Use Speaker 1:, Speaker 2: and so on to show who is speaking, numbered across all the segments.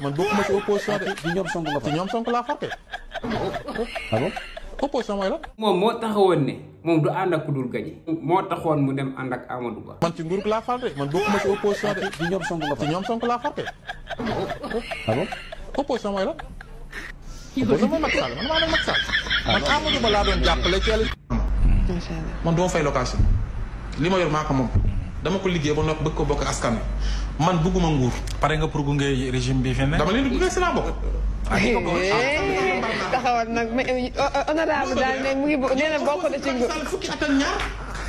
Speaker 1: man bokkuma ci opposition de. ci ñoom Sonko laa fàtte.
Speaker 2: ah
Speaker 1: bon la. moom moo taxawoon ne moom du ànd ak ku dul gañe. moo taxoon mu dem ànd ak Amadou Ba. man ci nguur laa fàtte man bokkuma ci de. ci ñoom Sonko nga fa ci ñoom
Speaker 2: la. opposition mooy man maa doon Macky man ah Amadou Ba laa doon jàppale ci yàlla. man doo fay location. li ma yor maa ko moom. dama ko liggéey ba nopp bëgg ko bokk askan wi man bugguma nguur. pare nga pour gunge régime bi fi ne. dama leen di gunge si laa bokk. Ah, eh,
Speaker 1: taxawal nag mais eh, honorable
Speaker 2: daal ne mu ngi nee na bokk na ci nguur. at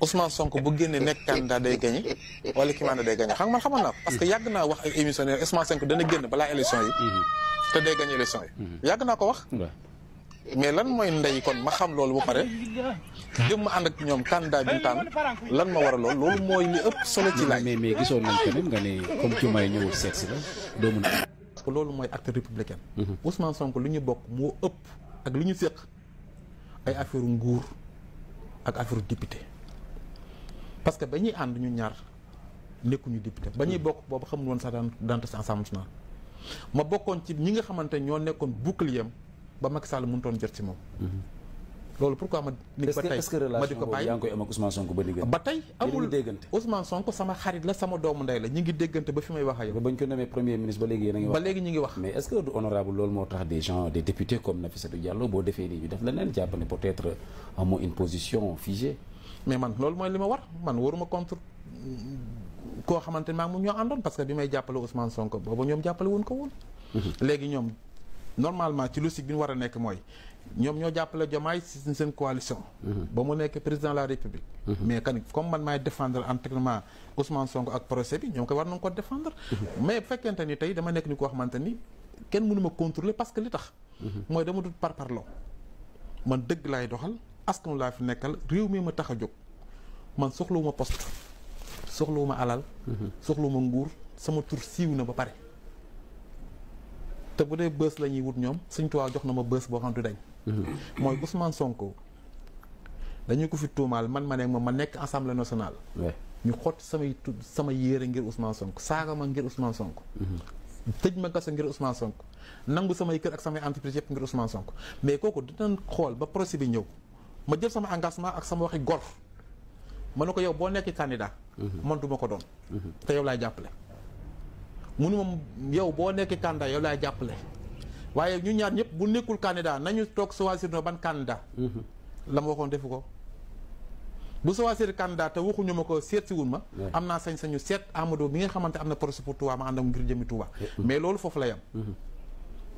Speaker 2: Ousmane Sonko bu génnee nekk candidat day gagné wala ki maanaam day gagné xam nga xamoon naa parce que yàgg naa wax ay émission ne Ousmane Sonko dana génn balaa élection mhm. mhm. yàgg naa ko wax. mais lan mooy ndey kon ma xam loolu bu pare jëm ànd ak ñoom candidat bi tànn lan ma war a lool loolu mooy li ëpp solo ci laaj. mais mais gisoon nañ tamit nga ne loolu mooy acte républicain. Mhm. Ousmane Sonko lu ñu bokk moo ëpp ak lu ñu séq ay affaire nguur ak affaire député. parce que ba and ànd ñu ñaar nekkuñu député ba ñuy bokk boobu xamul won sax dante daante ensemble Assemblée ma bokkon ci ñi nga xamanté ño nekkon bouclier ba Macky Sall mu ton jot ci mom. Mhm. loolu pourquoi ma. ni ba tey ma di ko bàyyi yaa koy am ak Ousmane Sonko ba liggéey. ba tay amul Ousmane Sonko sama xarit la sama doomu ndey la ñi ngi déggante ba fi may wax ak Bañ ko nommé premier ministre ba légui nga wax. ba légui ñi ngi wax. mais est-ce que du honorable loolu moo tax des gens des députés comme Nafissatou Diallo bo défé ni ñu def leneen jàpp ne peut-être amoo une position figée. mais man loolu mooy li ma war man waruma contre mm, koo xamante ne maa ngi ñoo àndoon parce que bi may jàppale Ousmane Sonko booba ñoom jàppale wuñ ko woon. Mm-hmm. léegi ñoom normalement ci lu logique bi ñu war a nekk mooy ñoom ñoo jàppale Diomaye si seen coalition. Mm-hmm. ba mu nekk président la République. Mm-hmm. mais kan comme man maay défendre entièrement Ousmane Sonko ak procès bi ñoom ko war nañ ko défendre. mais bu fekkente ni tey dama nekk ni koo xamante ni kenn mënu ma contrôler parce que li tax. mooy dama dut man dëgg laay doxal. askan laa fi nekkal réew mii ma tax a jóg man soxlawuma poste soxlawuma alal mhm. soxlawuma nguur sama tur siiw na ba pare te bu dee bës la ñuy wut ñoom suñ tuwaa jox na ma bës boo xam du dañ mhm. mooy Ousmane Sonko dañu ko fi tuumaal man ma ne ma ma nekk assemblée national ñu xott samay tu sama yére ngir Ousmane Sonko saaga ma ngir Ousmane Sonko mhm. tëj ma gasa ngir sonk Sonko nangu samay kër ak samay entreprise yëpp ngir Ousmane sonk mais kooku dinañ xool ba proce bi ñëw ma jël sama engagement ak sama waxi gor ma ne ko yow boo nekkee candidat mhm. man du ko doon mhm. te yow laay jàppale mu ne moom boo nekkee candidat yow laay jàppale waaye ñu ñaar ñëpp bu nekkul candidat nañu toog choisir no ban candidat mhm. la ma waxoon defu ko bu choisir candidat te waxuñu ma ko seet si wun ma am naa sañ-sañu seet Amadou bi nga xamante am na projet pour Touba ma ànd ak ngir jëmi Touba mais loolu foofu la yam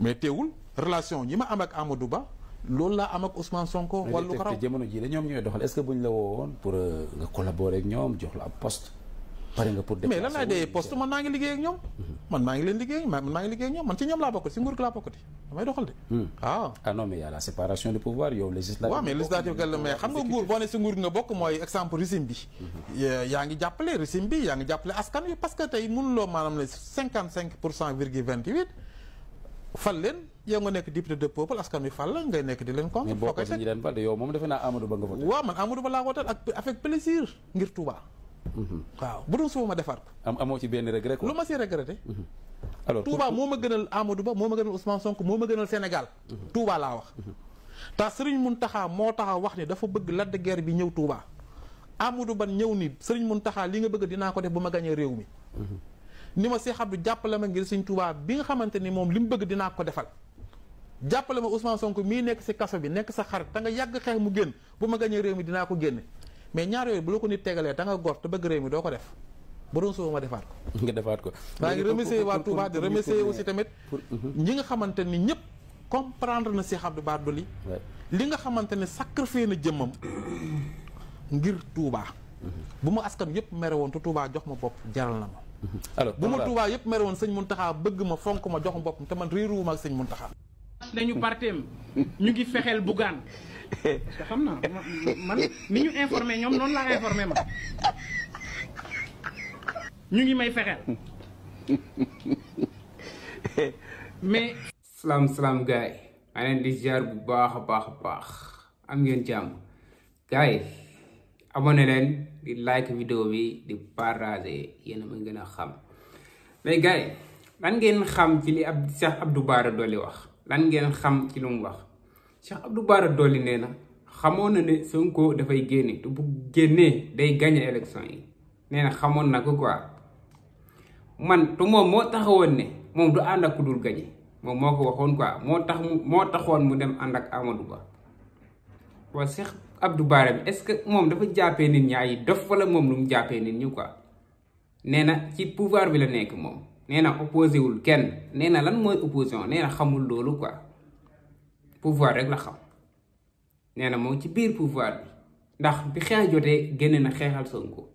Speaker 2: mais teewul relation yi ma am ak Amadou Ba loolu laa am ak Ousmane Sonko. wala lu raw jamono jii de ñoom ñooy doxal est-ce que buñ la woowoon pour euh, nga collaborer ak ñoom jox la ab poste. pare nga pour mais lan si mhm. nguur gi hmm. ah. Ah a la séparation de pouvoir yow bokk mooy exemple régime bi. Mhm. yaa ngi jàppale régime bi yaa askan wi parce que tey mënuloo maanaam ne cinquante cinq pour cent virgule vingt huit fal leen yow nga nekk député de peuple askan bi fal la ngay nekk di leen contre. foo koy mais boo ko ñu leen fal yow moom defe naa Amadou Ba nga voté. waaw man Amadou Ba ak avec plaisir ngir Touba. Mhm. waaw bu doon suba ma defar ko. am amoo ci benn regret quoi. lu ma si regretté. Mhm. alors Touba moo ma gënal Amadou Ba moo ma gënal Ousmane Sonko moo ma gënal Sénégal. Mhm. Touba laa wax. te mun Mountakha moo taxaw wax ni dafa bëgg ladde guerre bi ñëw tuuba Amadou Ba ñëw nii sëriñ mun Mountakha li nga bëgg dinaa ko def ba ma gagné réew mi. ni ma Cheikh Abdou jàppale ma ngir Sëñ Tuubaa bi nga xamante ni moom li mu bëgg dinaa ko defal jàppale ma Ousmane Sonko mii nekk si kaso bi nekk sa xarit te nga yàgg xeex mu génn bu ma gañee réew mi dinaa ko génne mais ñaar yooyu bu la ko nit tegalee da nga gor te bëgg réew mi doo ko def bu doon suba ma defaat ko. nga defaat ko. maa ngi remercier waa Touba di remercier aussi tamit. ñi nga xamante ni ñëpp comprendre na Cheikh Abdou Bara Dolly li nga xamante ne sacrifié na jëmmam ngir Touba. Mm-hmm. bu ma askan yëpp mere woon te Touba jox ma bopp jaral na ma. Mhm. alors bu ma Touba yëpp mer woon mun Mountakha bëgg ma fonk ma jox ma boppam te man réeruwuma ak sëñ Mountakha. nañu
Speaker 1: parteem ñu ngi fexeel bu te xam naa man ni ñu informé ñoom noonu laa informé ma ñu ngi may fexeel mais. salaam salaam gars yi. maa di ziar bu baax a baax a baax am ngeen jàmm gars yi abonné leen di like vidéo bi di partager yéen ma gën a xam mais gars lan ngeen xam ci li ab ab du baara dool li wax lan ngeen xam ci lum wax wax Cheikh Abdou Bara Dolly nee na xamoon na ne Sonko dafay génne te bu génnee day gagné élection yi nee xamoon na ko quoi man te moom moo taxawoon ne moom du ànd ak ku dul gagné moom moo ko waxoon quoi moo tax moo taxoon mu dem ànd ak Amadou Ba. waa Cheikh Abdou Bara bi est-ce que moom dafa jàppee nit ñi ay dof wala moom lu mu jàppee nit ñi quoi nee na ci pouvoir bi la nekk moom nee na opposé wul kenn nee na lan mooy opposition nee na xamul loolu quoi pouvoir rek la xam nee na moom ci biir pouvoir bi ndax bi xeex jotee génne na xeexal Sonko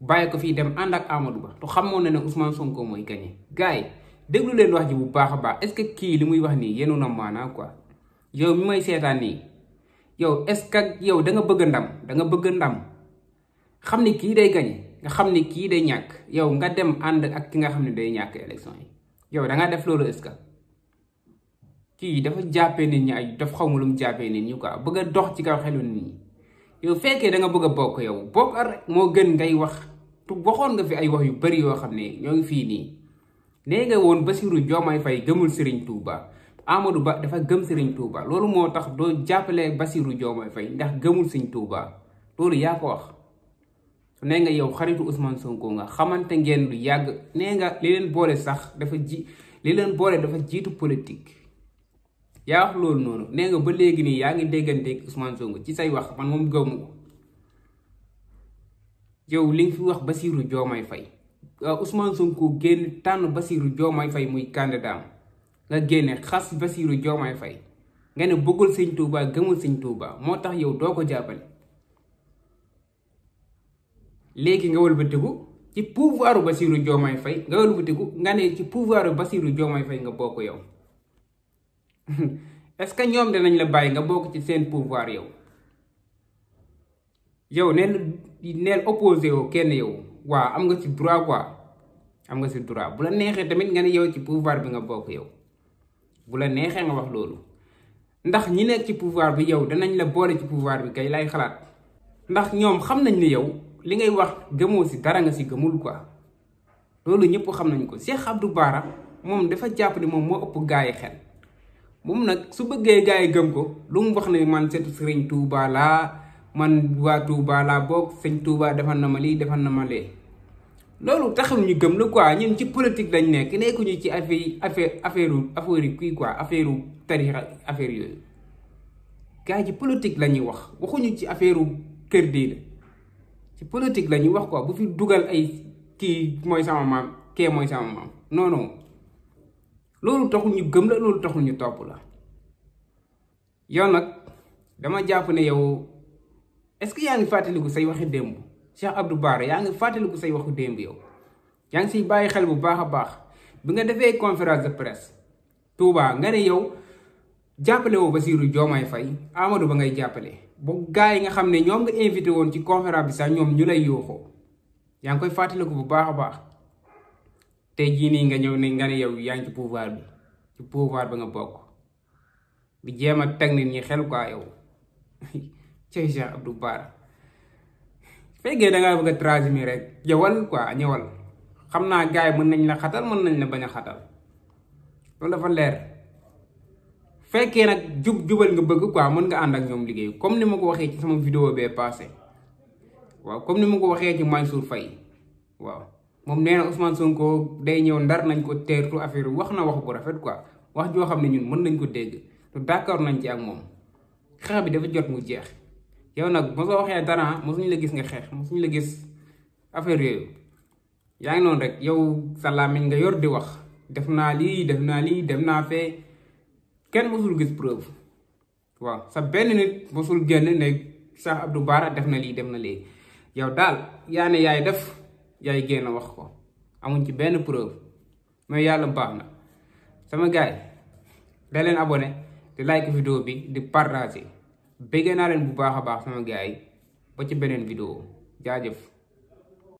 Speaker 1: bàyyi ko fii dem ànd ak Amadou Ba te xamoon na ne Ousmane Sonko mooy gagné gars yi déglu leen wax ji bu baax a baax est-ce que kii lu muy wax nii yenu na maanaa quoi yow est ce que yow da nga bëgg ndam da nga bëgg ndam xamni ki day gagné nga xamni ki day ñak yow nga dem and ak ki nga xamni day ñak election yi yow da nga def lolu est ce que dafa jappé nit ñi ay daf xawmu lu mu jappé nit ñi quoi bëgg dox ci kaw xelu nit ñi yow fekkee da nga bëgg bok yow bok rek mo gën ngay wax tu waxon nga fi ay wax yu bari yo xamni ñoo ngi fi ni nga won basiru jomay fay gëmul serigne touba amadou ba dafa gëm serigne touba loolu motax do jappelé basirou basiru fay ndax gëmul serigne touba loolu ya ko wax ne nga yow xaritu ousmane sonko nga xamanté ngeen lu yag ne nga li len bolé sax dafa ji li len bolé dafa jitu politique ya wax loolu noonu ne nga ba légui ni ya ngi dégganteeg ousmane sonko ci say wax man mom gëmu ko yow li ngi wax basirou joomay fay euh, ousmane sonko genn tan basirou joomay fay muy candidat nga génne xas Bassirou Diomaye Faye nga ne bëggul sëñ Touba gëmul sëñ Touba moo tax yow doo ko jàppale léegi nga wëlbatiku ci pouvoiru Bassirou Diomaye Faye nga nga ci pouvoiru Bassirou Diomaye Faye nga bokk yow est-ce que ñoom danañ la bàyyi nga bokk ci seen pouvoir yow yow neen neen opposé woo kenn yow waa am nga ci droit quoi am nga ci droit bu la neexee tamit nga ne yow ci pouvoir bi nga bokk yow bu la neexee nga wax loolu ndax ñi nekk ci pouvoir bi yow danañ la boole ci pouvoir bi kay lay xalaat ndax ñoom xam nañ ne yow li ngay wax gëmoo si dara nga si gëmul ko loolu ñëpp xam nañu ko Cheikh Abdou Bara moom dafa jàpp ne moom moo ëpp gaa yi xel moom nag su bëggee gaa yi gëm ko lu mu wax ne man seetu sëriñ Touba laa man waa Touba laa bokk sëñ Touba na ma lii defal na ma lee loolu taxul ñu gëm la quoi ñun ci politique lañ nekk nekkuñu ci affaire affaire affaire affaire yi kii quoi affaire tarixa affaire yooyu gars yi politique la ñuy wax waxuñu ci affaire kër diine ci politique la ñuy wax quoi bu fi dugal ay kii mooy sama maam kee mooy sama maam loolu taxul ñu gëm la loolu taxul ñu topp la yoon nag dama jàpp ne yow est-ce que yaa ngi fàttaliku say waxi démb. Cheikh Abdou baar yaa ngi fàttaliku say waxu démb yow yaa ngi siy bàyyi xel bu baax a baax bi nga defee conférence de presse Touba nga ne yow jàppale woo siiru Diomaye fay Amadou Ba ngay jàppale ba gars yi nga xam ne ñoom nga invité woon ci conférence bi sax ñoom ñu lay yooxoo yaa ngi koy fàttaliku bu baax a baax te jii nii nga ñëw nii nga ne yow yaa ngi ci pouvoir bi ci pouvoir ba nga bokk bi jéem a teg nit ñi xel quoi yow cey Cheikh Abdou Bara fekkee da nga bëgg trajimi rek jawal quoi ñëwal xamna gaay mën nañ la xatal mën nañ la baña xatal loolu dafa leer fekke nak jub jubal nga bëgg quoi mën nga and ak ñom liggéey comme ni mako ko ci sama vidéo bé passé waaw comme ni mako ko ci Mansour Faye waaw mom néna na Ousmane Sonko day ñëw ndar nañ ko tertu affaire wax na wax bu rafet quoi wax jo xamni ñun mën nañ ko dégg d'accord nañ ci ak mom xaar bi dafa jot mu jeex. yow nag so waxee dara mosuñu la gis nga xeex mosuñu la gis affaire yooyu yaa ngi noonu rek yow sa làmmiñ nga yor di wax def naa lii def naa lii def naa fee kenn mosul gis preuve waaw sa benn nit mosul génn ne Cheikh Abdou Bara def na lii def na léegi yow daal yaa ne yaay def yaay génn wax ko amuñ ci benn preuve mais yàlla baax na sama gars yi da leen abonné di like vidéo bi di partager bëggee naa leen bu baax a baax sama gars ci beneen vidéo jaajëf